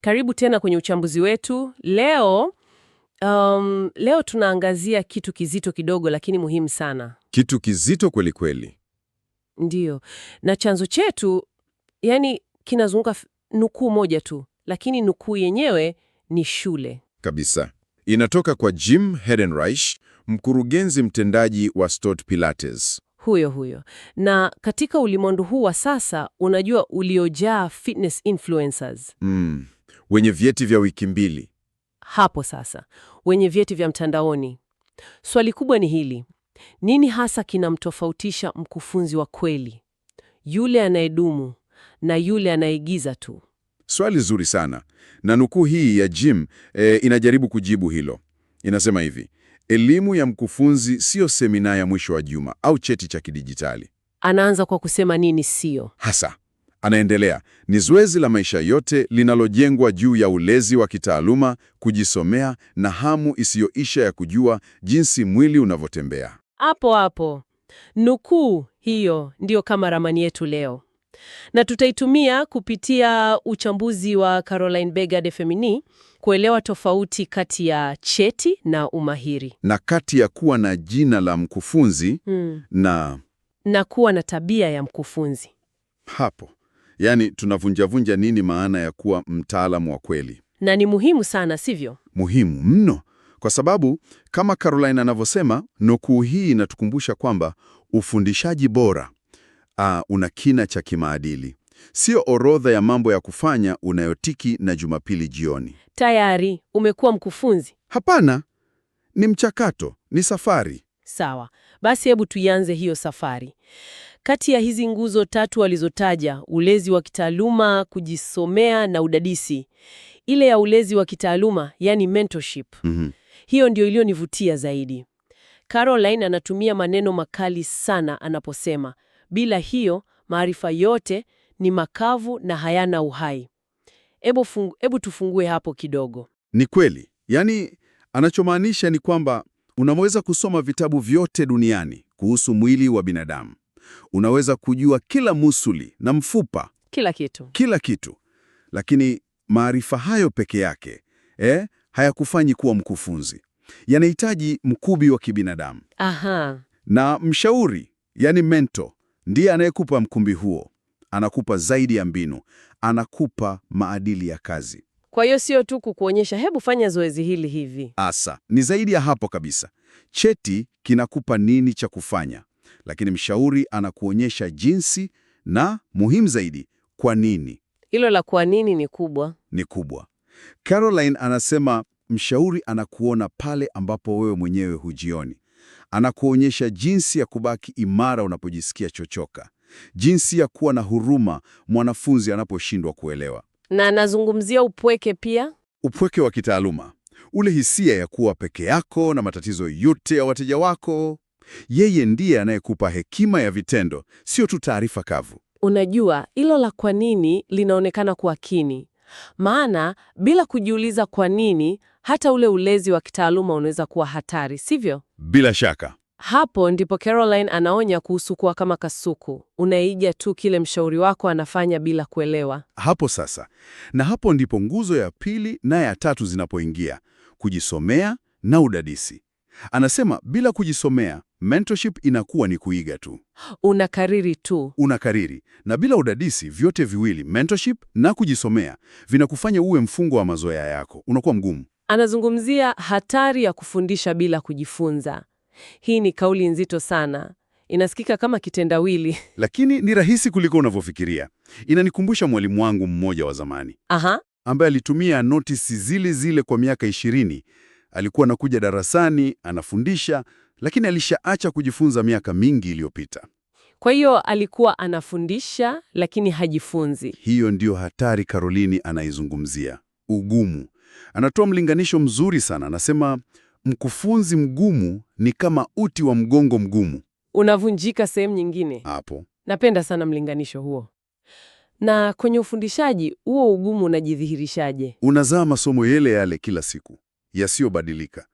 Karibu tena kwenye uchambuzi wetu leo. Um, leo tunaangazia kitu kizito kidogo lakini muhimu sana, kitu kizito kweli kweli. ndio. na chanzo chetu yani kinazunguka nukuu moja tu, lakini nukuu yenyewe ni shule kabisa. Inatoka kwa Jim Hedenreich, mkurugenzi mtendaji wa Stott Pilates huyo huyo. Na katika ulimwengu huu wa sasa, unajua, uliojaa fitness influencers mm wenye vyeti vya wiki mbili. Hapo sasa, wenye vyeti vya mtandaoni, swali kubwa ni hili: nini hasa kinamtofautisha mkufunzi wa kweli, yule anayedumu na yule anayeigiza tu? Swali zuri sana, na nukuu hii ya Jim e, inajaribu kujibu hilo. Inasema hivi: elimu ya mkufunzi siyo semina ya mwisho wa juma au cheti cha kidijitali. Anaanza kwa kusema nini sio hasa Anaendelea, ni zoezi la maisha yote linalojengwa juu ya ulezi wa kitaaluma, kujisomea na hamu isiyoisha ya kujua jinsi mwili unavyotembea. Hapo hapo nukuu hiyo ndiyo kama ramani yetu leo, na tutaitumia kupitia uchambuzi wa Caroline Bega de Femini kuelewa tofauti kati ya cheti na umahiri na kati ya kuwa na jina la mkufunzi hmm, na na kuwa na tabia ya mkufunzi hapo Yaani, tunavunjavunja nini maana ya kuwa mtaalamu wa kweli? Na ni muhimu sana, sivyo? Muhimu mno, kwa sababu kama Caroline anavyosema, nukuu hii inatukumbusha kwamba ufundishaji bora aa, una kina cha kimaadili, sio orodha ya mambo ya kufanya unayotiki na Jumapili jioni tayari umekuwa mkufunzi. Hapana, ni mchakato, ni safari. Sawa, basi hebu tuianze hiyo safari. Kati ya hizi nguzo tatu alizotaja, ulezi wa kitaaluma, kujisomea na udadisi, ile ya ulezi wa kitaaluma yani mentorship mm -hmm. hiyo ndio iliyonivutia zaidi. Caroline anatumia maneno makali sana anaposema, bila hiyo maarifa yote ni makavu na hayana uhai. Ebu, fungu, ebu tufungue hapo kidogo. Ni kweli, yaani anachomaanisha ni kwamba unaweza kusoma vitabu vyote duniani kuhusu mwili wa binadamu Unaweza kujua kila musuli na mfupa, kila kitu, kila kitu. Lakini maarifa hayo peke yake eh, hayakufanyi kuwa mkufunzi. Yanahitaji mkubi wa kibinadamu. Aha. Na mshauri, yani mentor, ndiye anayekupa mkumbi huo. Anakupa zaidi ya mbinu, anakupa maadili ya kazi. Kwa hiyo sio tu kukuonyesha hebu fanya zoezi hili hivi. Asa, ni zaidi ya hapo kabisa. Cheti kinakupa nini cha kufanya, lakini mshauri anakuonyesha jinsi na muhimu zaidi, kwa nini. Hilo la kwa nini ni kubwa, ni kubwa. Caroline anasema mshauri anakuona pale ambapo wewe mwenyewe hujioni, anakuonyesha jinsi ya kubaki imara unapojisikia chochoka, jinsi ya kuwa na huruma mwanafunzi anaposhindwa kuelewa, na anazungumzia upweke pia, upweke wa kitaaluma, ule hisia ya kuwa peke yako na matatizo yote ya wateja wako. Yeye ndiye anayekupa hekima ya vitendo, sio tu taarifa kavu. Unajua, hilo la kwa nini linaonekana kuwa kini, maana bila kujiuliza kwa nini, hata ule ulezi wa kitaaluma unaweza kuwa hatari, sivyo? Bila shaka. Hapo ndipo Caroline anaonya kuhusu kuwa kama kasuku, unaiga tu kile mshauri wako anafanya bila kuelewa. Hapo sasa, na hapo ndipo nguzo ya pili na ya tatu zinapoingia: kujisomea na udadisi. Anasema bila kujisomea mentorship inakuwa ni kuiga tu, unakariri tu, unakariri na bila udadisi. Vyote viwili, mentorship na kujisomea, vinakufanya uwe mfungo wa mazoea yako, unakuwa mgumu. Anazungumzia hatari ya kufundisha bila kujifunza. Hii ni kauli nzito sana, inasikika kama kitendawili lakini ni rahisi kuliko unavyofikiria. Inanikumbusha mwalimu wangu mmoja wa zamani, aha, ambaye alitumia notisi zile zile kwa miaka ishirini. Alikuwa anakuja darasani, anafundisha lakini alishaacha kujifunza miaka mingi iliyopita. Kwa hiyo alikuwa anafundisha lakini hajifunzi. Hiyo ndiyo hatari Karolini anaizungumzia, ugumu. Anatoa mlinganisho mzuri sana, anasema mkufunzi mgumu ni kama uti wa mgongo mgumu, unavunjika sehemu nyingine. Hapo napenda sana mlinganisho huo. Na kwenye ufundishaji huo ugumu unajidhihirishaje? Unazaa masomo yale yale kila siku yasiyobadilika,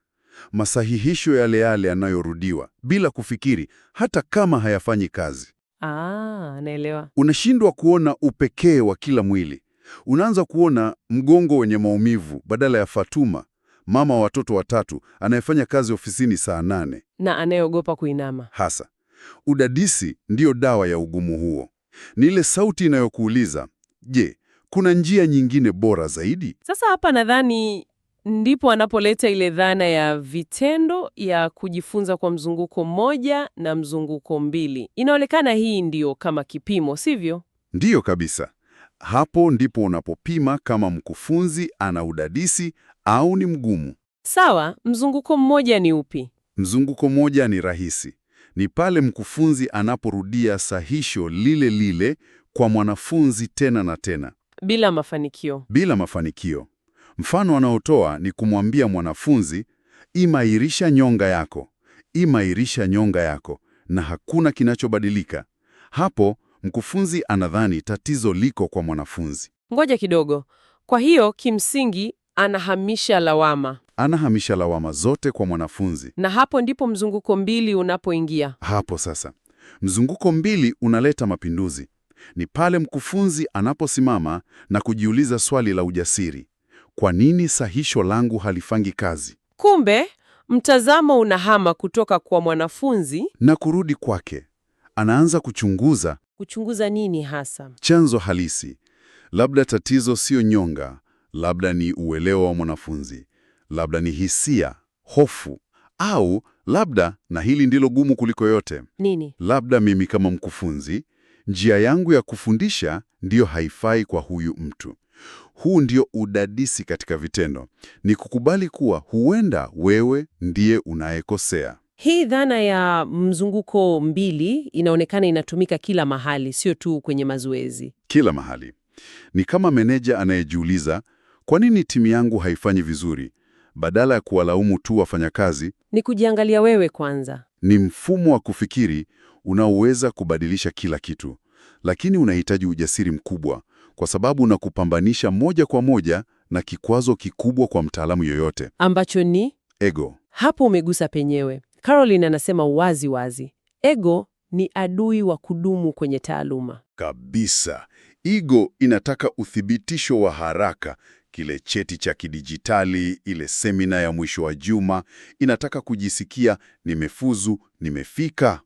masahihisho yale yale yanayorudiwa bila kufikiri, hata kama hayafanyi kazi. Ah, naelewa. Unashindwa kuona upekee wa kila mwili, unaanza kuona mgongo wenye maumivu badala ya Fatuma, mama wa watoto watatu anayefanya kazi ofisini saa nane na anayeogopa kuinama. Hasa udadisi ndiyo dawa ya ugumu huo, ni ile sauti inayokuuliza je, kuna njia nyingine bora zaidi? Sasa hapa nadhani ndipo anapoleta ile dhana ya vitendo ya kujifunza kwa mzunguko mmoja na mzunguko mbili. Inaonekana hii ndiyo kama kipimo, sivyo? Ndiyo kabisa. Hapo ndipo unapopima kama mkufunzi ana udadisi au ni mgumu. Sawa, mzunguko mmoja ni upi? Mzunguko mmoja ni rahisi. Ni pale mkufunzi anaporudia sahisho lile lile kwa mwanafunzi tena na tena. Bila mafanikio. Bila mafanikio. Mfano anaotoa ni kumwambia mwanafunzi, imairisha nyonga yako, imairisha nyonga yako, na hakuna kinachobadilika. Hapo mkufunzi anadhani tatizo liko kwa mwanafunzi. Ngoja kidogo. Kwa hiyo kimsingi anahamisha lawama, anahamisha lawama zote kwa mwanafunzi, na hapo ndipo mzunguko mbili unapoingia. Hapo sasa mzunguko mbili unaleta mapinduzi. Ni pale mkufunzi anaposimama na kujiuliza swali la ujasiri, kwa nini sahisho langu halifangi kazi? Kumbe mtazamo unahama kutoka kwa mwanafunzi na kurudi kwake. Anaanza kuchunguza. Kuchunguza nini hasa? Chanzo halisi. Labda tatizo sio nyonga, labda ni uelewa wa mwanafunzi, labda ni hisia, hofu, au labda, na hili ndilo gumu kuliko yote, nini? Labda mimi kama mkufunzi, njia yangu ya kufundisha ndiyo haifai kwa huyu mtu. Huu ndio udadisi katika vitendo, ni kukubali kuwa huenda wewe ndiye unayekosea. Hii dhana ya mzunguko mbili inaonekana inatumika kila mahali, sio tu kwenye mazoezi. Kila mahali ni kama meneja anayejiuliza kwa nini timu yangu haifanyi vizuri. Badala ya kuwalaumu tu wafanyakazi, ni kujiangalia wewe kwanza. Ni mfumo wa kufikiri unaoweza kubadilisha kila kitu, lakini unahitaji ujasiri mkubwa kwa sababu na kupambanisha moja kwa moja na kikwazo kikubwa kwa mtaalamu yoyote ambacho ni ego. Hapo umegusa penyewe. Caroline anasema wazi wazi, ego ni adui wa kudumu kwenye taaluma kabisa. Ego inataka uthibitisho wa haraka, kile cheti cha kidijitali, ile semina ya mwisho wa juma. Inataka kujisikia nimefuzu, nimefika,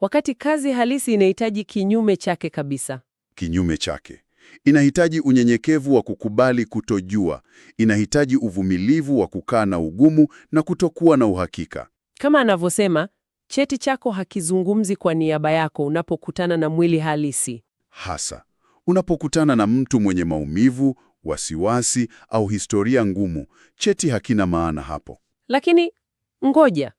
wakati kazi halisi inahitaji kinyume chake kabisa. Kinyume chake. Inahitaji unyenyekevu wa kukubali kutojua, inahitaji uvumilivu wa kukaa na ugumu na kutokuwa na uhakika. Kama anavyosema, cheti chako hakizungumzi kwa niaba yako unapokutana na mwili halisi. Hasa unapokutana na mtu mwenye maumivu, wasiwasi au historia ngumu, cheti hakina maana hapo. Lakini ngoja,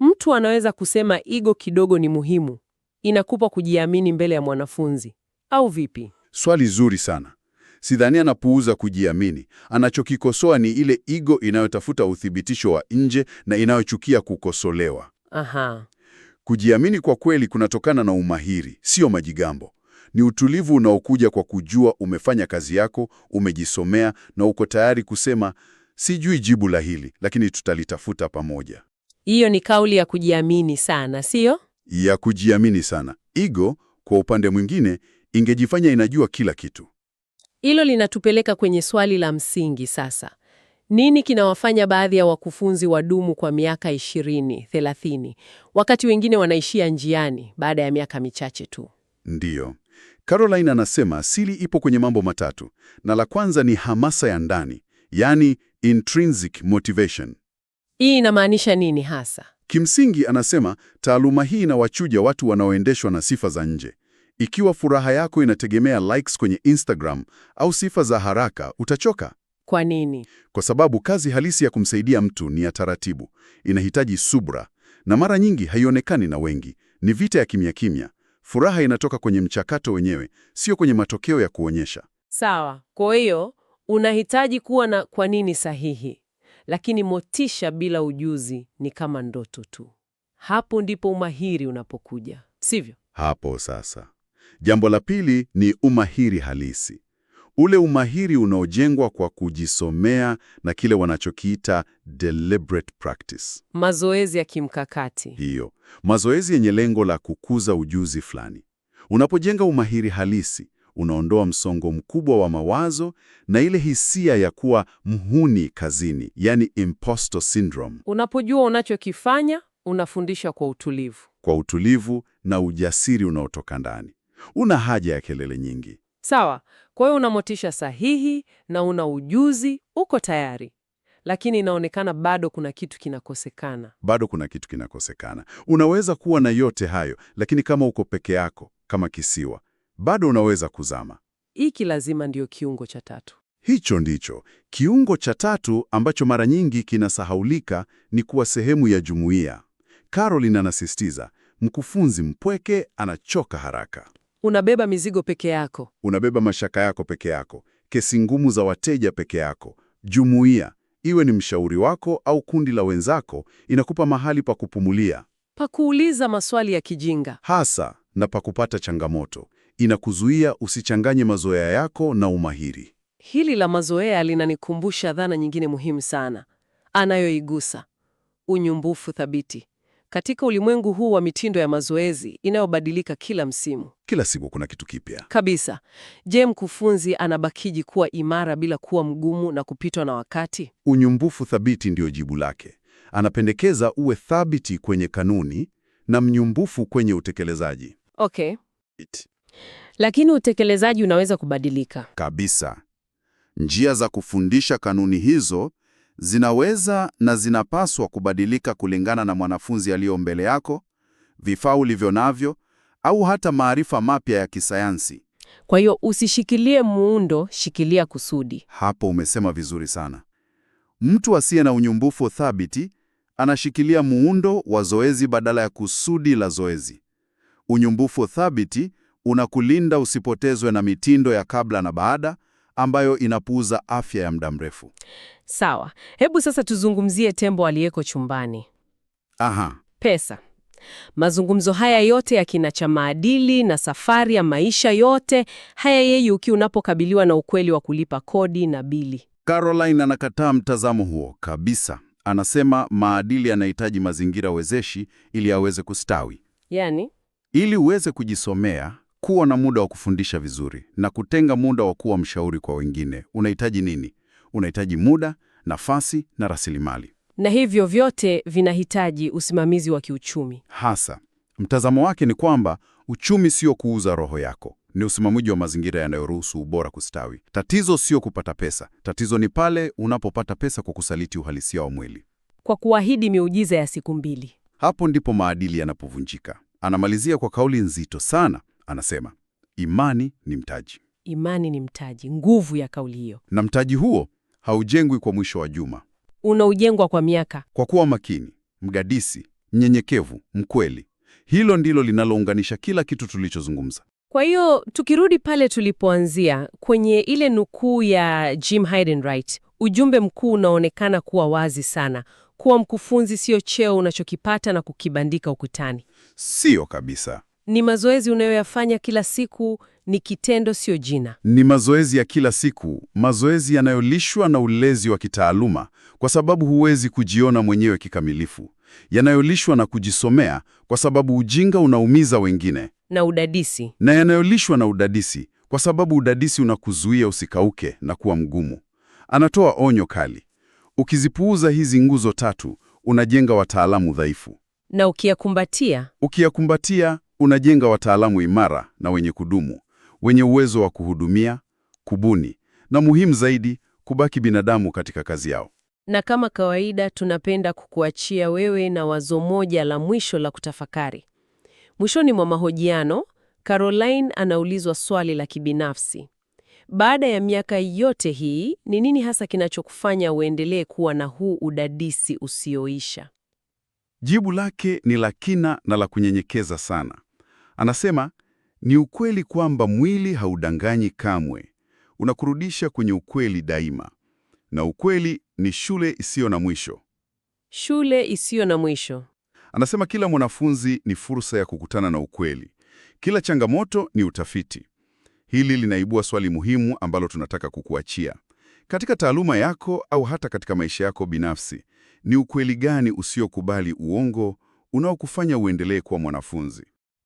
mtu anaweza kusema igo kidogo ni muhimu, inakupa kujiamini mbele ya mwanafunzi, au vipi? Swali zuri sana. Sidhani anapuuza kujiamini. Anachokikosoa ni ile ego inayotafuta uthibitisho wa nje na inayochukia kukosolewa. Aha. Kujiamini kwa kweli kunatokana na umahiri, sio majigambo. Ni utulivu unaokuja kwa kujua umefanya kazi yako, umejisomea na uko tayari kusema sijui jibu la hili, lakini tutalitafuta pamoja. Hiyo ni kauli ya kujiamini sana, sio? Ya kujiamini sana. Ego kwa upande mwingine ingejifanya inajua kila kitu. Hilo linatupeleka kwenye swali la msingi sasa. Nini kinawafanya baadhi ya wakufunzi wadumu kwa miaka 20, 30, wakati wengine wanaishia njiani baada ya miaka michache tu? Ndiyo. Caroline anasema asili ipo kwenye mambo matatu, na la kwanza ni hamasa ya ndani, yani intrinsic motivation. Hii inamaanisha nini hasa? Kimsingi, anasema taaluma hii inawachuja watu wanaoendeshwa na sifa za nje, ikiwa furaha yako inategemea likes kwenye Instagram au sifa za haraka, utachoka. Kwa nini? Kwa sababu kazi halisi ya kumsaidia mtu ni ya taratibu, inahitaji subra, na mara nyingi haionekani na wengi. Ni vita ya kimya kimya. Furaha inatoka kwenye mchakato wenyewe, sio kwenye matokeo ya kuonyesha. Sawa. Kwa hiyo unahitaji kuwa na kwa nini sahihi, lakini motisha bila ujuzi ni kama ndoto tu. Hapo ndipo umahiri unapokuja, sivyo? Hapo sasa Jambo la pili ni umahiri halisi, ule umahiri unaojengwa kwa kujisomea na kile wanachokiita deliberate practice, mazoezi ya kimkakati. Hiyo mazoezi yenye lengo la kukuza ujuzi fulani. Unapojenga umahiri halisi, unaondoa msongo mkubwa wa mawazo na ile hisia ya kuwa mhuni kazini, yani imposter syndrome. Unapojua unachokifanya, unafundisha kwa utulivu, kwa utulivu na ujasiri unaotoka ndani una haja ya kelele nyingi. Sawa, kwa hiyo una motisha sahihi na una ujuzi, uko tayari, lakini inaonekana bado kuna kitu kinakosekana. Bado kuna kitu kinakosekana. Unaweza kuwa na yote hayo, lakini kama uko peke yako, kama kisiwa, bado unaweza kuzama. Hiki lazima ndiyo kiungo cha tatu. Hicho ndicho kiungo cha tatu ambacho mara nyingi kinasahaulika, ni kuwa sehemu ya jumuiya. Caroline anasisitiza, mkufunzi mpweke anachoka haraka. Unabeba mizigo peke yako, unabeba mashaka yako peke yako, kesi ngumu za wateja peke yako. Jumuiya, iwe ni mshauri wako au kundi la wenzako, inakupa mahali pa kupumulia, pa kuuliza maswali ya kijinga hasa na pa kupata changamoto. Inakuzuia usichanganye mazoea yako na umahiri. Hili la mazoea linanikumbusha dhana nyingine muhimu sana anayoigusa unyumbufu thabiti katika ulimwengu huu wa mitindo ya mazoezi inayobadilika kila msimu, kila siku kuna kitu kipya kabisa. Je, mkufunzi anabakiji kuwa imara bila kuwa mgumu na kupitwa na wakati? Unyumbufu thabiti ndiyo jibu lake. Anapendekeza uwe thabiti kwenye kanuni na mnyumbufu kwenye utekelezaji. Okay. It. Lakini utekelezaji unaweza kubadilika kabisa. Njia za kufundisha kanuni hizo zinaweza na zinapaswa kubadilika kulingana na mwanafunzi aliyo mbele yako, vifaa ulivyo navyo, au hata maarifa mapya ya kisayansi. Kwa hiyo usishikilie muundo, shikilia kusudi. Hapo umesema vizuri sana. Mtu asiye na unyumbufu thabiti anashikilia muundo wa zoezi badala ya kusudi la zoezi. Unyumbufu thabiti unakulinda usipotezwe na mitindo ya kabla na baada ambayo inapuuza afya ya muda mrefu. Sawa, hebu sasa tuzungumzie tembo aliyeko chumbani. Aha. Pesa. Mazungumzo haya yote ya kina cha maadili na safari ya maisha yote haya yeye uki unapokabiliwa na ukweli wa kulipa kodi na bili. Caroline anakataa mtazamo huo kabisa. Anasema maadili yanahitaji mazingira wezeshi ili aweze kustawi. Yaani, ili uweze kujisomea kuwa na muda wa kufundisha vizuri na kutenga muda wa kuwa mshauri kwa wengine. Unahitaji nini? Unahitaji muda, nafasi na rasilimali, na hivyo vyote vinahitaji usimamizi wa kiuchumi. Hasa mtazamo wake ni kwamba uchumi sio kuuza roho yako, ni usimamizi wa mazingira yanayoruhusu ubora kustawi. Tatizo sio kupata pesa, tatizo ni pale unapopata pesa kwa kusaliti uhalisia wa mwili, kwa kuahidi miujiza ya siku mbili. Hapo ndipo maadili yanapovunjika. Anamalizia kwa kauli nzito sana. Anasema imani ni mtaji. Imani ni mtaji, nguvu ya kauli hiyo. Na mtaji huo haujengwi kwa mwisho wa juma, unaujengwa kwa miaka. Kwa kuwa makini, mdadisi, mnyenyekevu, mkweli, hilo ndilo linalounganisha kila kitu tulichozungumza. Kwa hiyo tukirudi pale tulipoanzia kwenye ile nukuu ya Jim Heidenreich, ujumbe mkuu unaonekana kuwa wazi sana, kuwa mkufunzi sio cheo unachokipata na kukibandika ukutani. Sio kabisa. Ni mazoezi unayoyafanya kila siku, ni kitendo, sio jina. Ni mazoezi ya kila siku, mazoezi yanayolishwa na ulezi wa kitaaluma, kwa sababu huwezi kujiona mwenyewe kikamilifu, yanayolishwa na kujisomea, kwa sababu ujinga unaumiza wengine, na udadisi, na yanayolishwa na udadisi, kwa sababu udadisi unakuzuia usikauke na kuwa mgumu. Anatoa onyo kali: ukizipuuza hizi nguzo tatu, unajenga wataalamu dhaifu, na ukiyakumbatia ukiyakumbatia unajenga wataalamu imara na wenye kudumu, wenye uwezo wa kuhudumia, kubuni na muhimu zaidi, kubaki binadamu katika kazi yao. Na kama kawaida, tunapenda kukuachia wewe na wazo moja la mwisho la kutafakari. Mwishoni mwa mahojiano, Caroline anaulizwa swali la kibinafsi. Baada ya miaka yote hii, ni nini hasa kinachokufanya uendelee kuwa na huu udadisi usioisha? Jibu lake ni la kina na la kunyenyekeza sana. Anasema ni ukweli kwamba mwili haudanganyi kamwe, unakurudisha kwenye ukweli daima, na ukweli ni shule isiyo na mwisho. Shule isiyo na mwisho. Anasema kila mwanafunzi ni fursa ya kukutana na ukweli, kila changamoto ni utafiti. Hili linaibua swali muhimu ambalo tunataka kukuachia katika taaluma yako au hata katika maisha yako binafsi. Ni ukweli gani usiokubali uongo unaokufanya uendelee kuwa mwanafunzi?